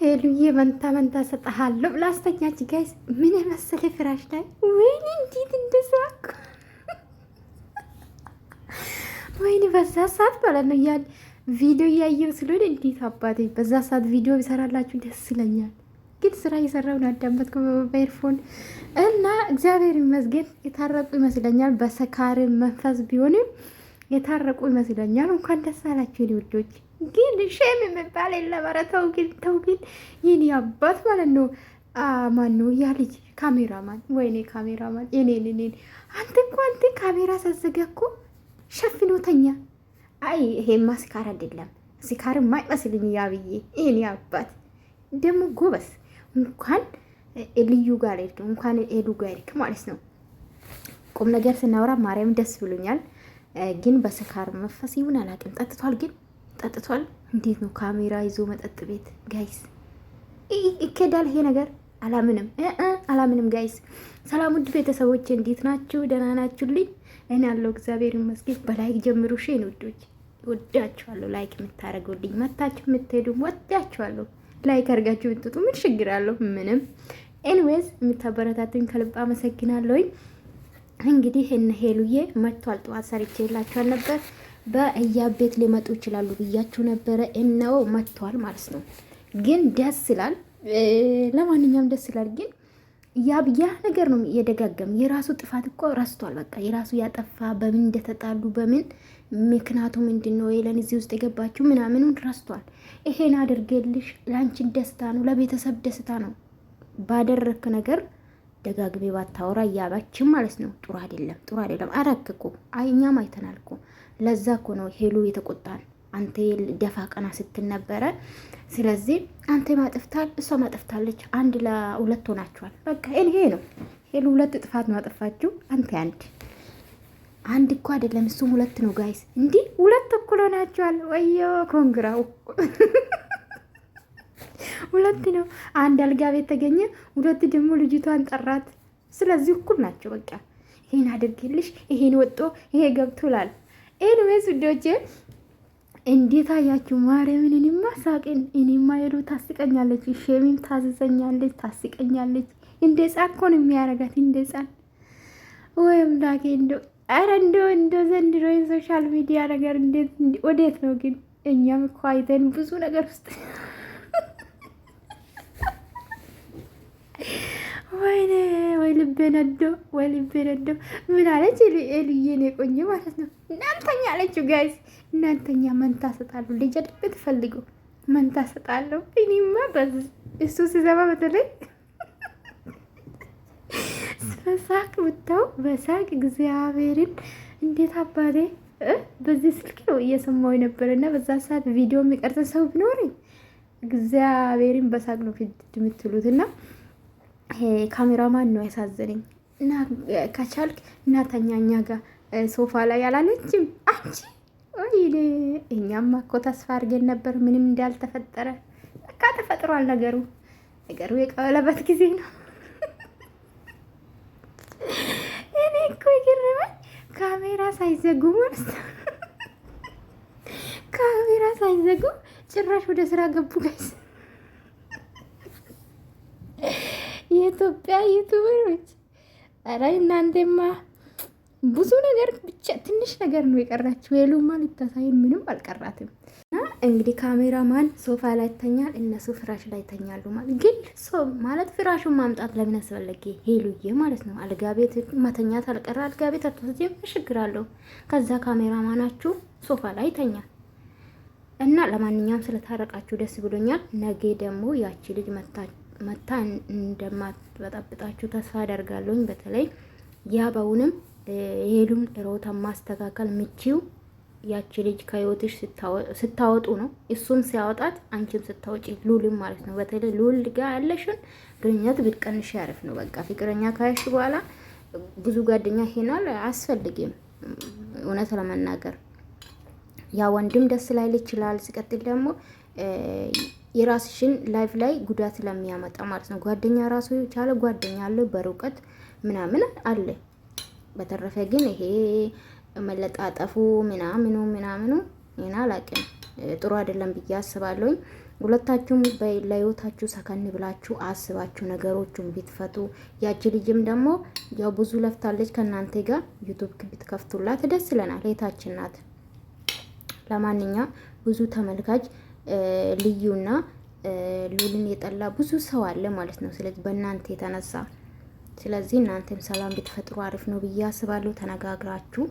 ሄሉዬ መንታ መንታ ሰጠሃለሁ ብላ አስተኛች። ጋይስ ምን የመሰለ ፍራሽ ላይ ወይኔ እንዴት እንደሳኩ ወይኔ በዛ ሰዓት ማለት ነው ያን ቪዲዮ እያየው ስለሆነ እንዴት አባቴ በዛ ሰዓት ቪዲዮ ይሰራላችሁ ደስ ይለኛል። ግን ስራ እየሰራው ነው አዳመጥኩ በኤርፎን እና እግዚአብሔር ይመስገን የታረቁ ይመስለኛል በሰካር መንፈስ ቢሆንም የታረቁ ይመስለኛል። እንኳን ደስ አላቸው የኔ ውዶች። ግን ሼም የሚባል የለም። ኧረ ተው ግን ተው ግን ይህን ያባት ማለት ነው። ማነው ያ ልጅ ካሜራማን? ወይኔ ካሜራማን እኔን እኔን አንተ እኮ አንተ ካሜራ ሳዘጋ እኮ ሸፍኖተኛ። አይ ይሄማ ስካር አይደለም ስካርማ ማይመስልኝ ያ ብዬ ይህን ያባት ደግሞ ጎበስ እንኳን ልዩ ጋር ሄድክ እንኳን ሄዱ ጋር ሄድክ ማለት ነው። ቁም ነገር ስናወራ ማርያም ደስ ብሎኛል። ግን በስካር መንፈስ ይሁን አላውቅም። ጠጥቷል፣ ግን ጠጥቷል። እንዴት ነው ካሜራ ይዞ መጠጥ ቤት ጋይስ? ይከዳል ይሄ ነገር? አላምንም፣ አላምንም ጋይስ። ሰላም ውድ ቤተሰቦች እንዴት ናችሁ? ደህና ናችሁልኝ? እኔ ያለው እግዚአብሔር ይመስገን። በላይክ ጀምሩ ሼን ውዶች፣ ወዳችኋለሁ። ላይክ የምታደርጉልኝ መታችሁ የምትሄዱ ወዳችኋለሁ። ላይክ አድርጋችሁ የምትወጡ ምን ችግር አለሁ? ምንም። ኤንዌዝ የምታበረታትን ከልብ አመሰግናለሁኝ። እንግዲህ እነ ሄሉዬ መጥቷል። ጠዋት ሰርቼ የላችኋል ነበር። በእያ ቤት ሊመጡ ይችላሉ ብያችሁ ነበረ። እነው መጥቷል ማለት ነው። ግን ደስ ይላል። ለማንኛውም ደስ ይላል። ግን ያብ ያ ነገር ነው የደጋገም የራሱ ጥፋት እኮ ረስቷል። በቃ የራሱ ያጠፋ በምን እንደተጣሉ በምን ምክንያቱ ምንድን ነው የለን እዚህ ውስጥ የገባችሁ ምናምኑን ረስቷል። ይሄን አድርገልሽ ለአንቺን ደስታ ነው ለቤተሰብ ደስታ ነው ባደረክ ነገር ደጋግሜ ባታወራ እያባችን ማለት ነው። ጥሩ አይደለም፣ ጥሩ አይደለም። አረክኩ እኮ እኛም አይተናል እኮ። ለዛ እኮ ነው ሄሉ የተቆጣን። አንተ ደፋ ቀና ስትል ነበረ። ስለዚህ አንተ ማጥፍታል፣ እሷ ማጥፍታለች። አንድ ለሁለት ሆናችኋል። በቃ ይሄ ነው ሄሉ። ሁለት ጥፋት ነው አጠፋችሁ። አንተ አንድ አንድ እኮ አይደለም፣ እሱም ሁለት ነው። ጋይስ እንዲህ ሁለት እኩል ሆናችኋል። ወየ ኮንግራው ሁለት ነው። አንድ አልጋ ቤት ተገኘ፣ ሁለት ደግሞ ልጅቷን ጠራት። ስለዚህ እኩል ናቸው። በቃ ይሄን አድርግልሽ፣ ይሄን ወጦ፣ ይሄ ገብቶ ላል ኤንዌስ ውዶቼ እንዴት አያችሁ? ማርያምን እኔማ ሳቅን። እኔማ የሉ ታስቀኛለች፣ ሼሚም ታዝዘኛለች፣ ታስቀኛለች። እንደ ሕፃን እኮ የሚያረጋት፣ እንደ ጻን ወይም አምላኬ። እንዶ አረ እንዶ እንዶ ዘንድሮ የሶሻል ሚዲያ ነገር ወዴት ነው ግን? እኛም እኮ አይተን ብዙ ነገር ውስጥ ወይኔ ወይ ልቤ ነዶ፣ ወይ ልቤ ነዶ። ምን አለች ኤልዬን የቆኘ ማለት ነው። እናንተኛ አለችው ጋይስ፣ እናንተኛ መንታ ሰጣለሁ። ልጅ አድርገህ ትፈልገው መንታ ሰጣለሁ። እኔማ እሱ ሲሰማ በተለይ በሳቅ ብታው በሳቅ እግዚአብሔርን እንዴት አባቴ በዚህ ስልክ እየሰማው ነበር እና በዛ ሰዓት ቪዲዮ የሚቀርጽ ሰው ቢኖረኝ እግዚአብሔርን በሳቅ ነው ፊት የምትሉት እና ካሜራማን ነው ያሳዘነኝ። እና ከቻልክ እናተኛ እኛ ጋር ሶፋ ላይ ያላለችም አንቺ ወይኔ። እኛም እኮ ተስፋ አድርገን ነበር ምንም እንዳልተፈጠረ። በቃ ተፈጥሯል ነገሩ። ነገሩ የቀለበት ጊዜ ነው። እኔ እኮ ይገርማል። ካሜራ ሳይዘጉ ማለት ካሜራ ሳይዘጉ ጭራሽ ወደ ስራ ገቡ ጋይስ የኢትዮጵያ ዩቱበሮች ኧረ እናንተማ ብዙ ነገር ብቻ ትንሽ ነገር ነው የቀራችው የሉማ ልታሳይ ምንም አልቀራትም። እና እንግዲህ ካሜራማን ሶፋ ላይ ይተኛል፣ እነሱ ፍራሽ ላይ ይተኛሉ። ማለት ግን ማለት ፍራሹን ማምጣት ለምን አስፈለገ? ሄሉዬ ማለት ነው አልጋ ቤት መተኛት አልቀራ አልጋ ቤት ከዛ ካሜራማናችሁ ሶፋ ላይ ይተኛል። እና ለማንኛውም ስለታረቃችሁ ደስ ብሎኛል። ነገ ደግሞ ያቺ ልጅ መታች መታ እንደማትበጣብጣችሁ ተስፋ አደርጋለሁኝ። በተለይ ያ ያባውንም የሄዱም ሮታን ማስተካከል ምቺው ያቺ ልጅ ከህይወትሽ ስታወጡ ነው፣ እሱም ሲያወጣት አንቺም ስታወጪ ሉልም ማለት ነው። በተለይ ሉል ጋር ያለሽን ግንኙነት ብትቀንሽ ያረፍ ነው። በቃ ፍቅረኛ ካያሽ በኋላ ብዙ ጓደኛ ሄናል አያስፈልግም። እውነት ለመናገር ያ ወንድም ደስ ላይል ይችላል። ሲቀጥል ደግሞ የራስሽን ላይፍ ላይ ጉዳት ለሚያመጣ ማለት ነው። ጓደኛ ራሱ ቻለ ጓደኛ አለ በርቀት ምናምን አለ። በተረፈ ግን ይሄ መለጣጠፉ ምናምኑ ምናምኑ ይና አላቅም ጥሩ አይደለም ብዬ አስባለሁኝ። ሁለታችሁም ለህይወታችሁ ሰከን ብላችሁ አስባችሁ ነገሮቹን ቢትፈቱ። ያቺ ልጅም ደግሞ ያው ብዙ ለፍታለች ከእናንተ ጋር ዩቱብ ብትከፍቱላት ደስ ይለናል። የታችን ናት። ለማንኛውም ብዙ ተመልካች ልዩና ሉልን የጠላ ብዙ ሰው አለ ማለት ነው። ስለዚህ በእናንተ የተነሳ ስለዚህ እናንተም ሰላም ብትፈጥሩ አሪፍ ነው ብዬ አስባለሁ። ተነጋግራችሁ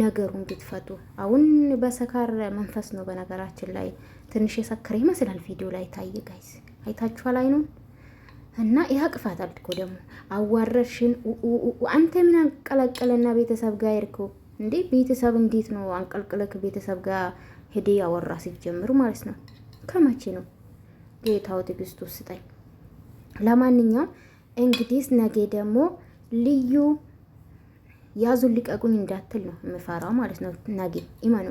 ነገሩን ብትፈቱ። አሁን በሰካር መንፈስ ነው በነገራችን ላይ ትንሽ የሰከረ ይመስላል ቪዲዮ ላይ ታየ። ጋይስ አይታችኋል አይኑን እና ቅፋት እኮ ደግሞ አዋረሽን። አንተ ምን አንቀለቀለና ቤተሰብ ጋር ይርከው እንዴ? ቤተሰብ እንዴት ነው አንቀልቅለክ ቤተሰብ ጋር ሄዴ ያወራ ሲጀምሩ ማለት ነው ከመቼ ነው? ጌታው ትዕግስቱ ስጠኝ። ለማንኛውም እንግዲህ ነገ ደግሞ ልዩ ያዙ ሊቀቁኝ እንዳትል ነው የምፈራው ማለት ነው። ነገ ኢመኑ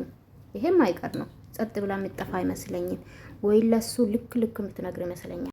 ይሄም አይቀር ነው። ጸጥ ብላ የምጠፋ አይመስለኝም። ወይ ለሱ ልክ ልክ የምትነግር ይመስለኛል።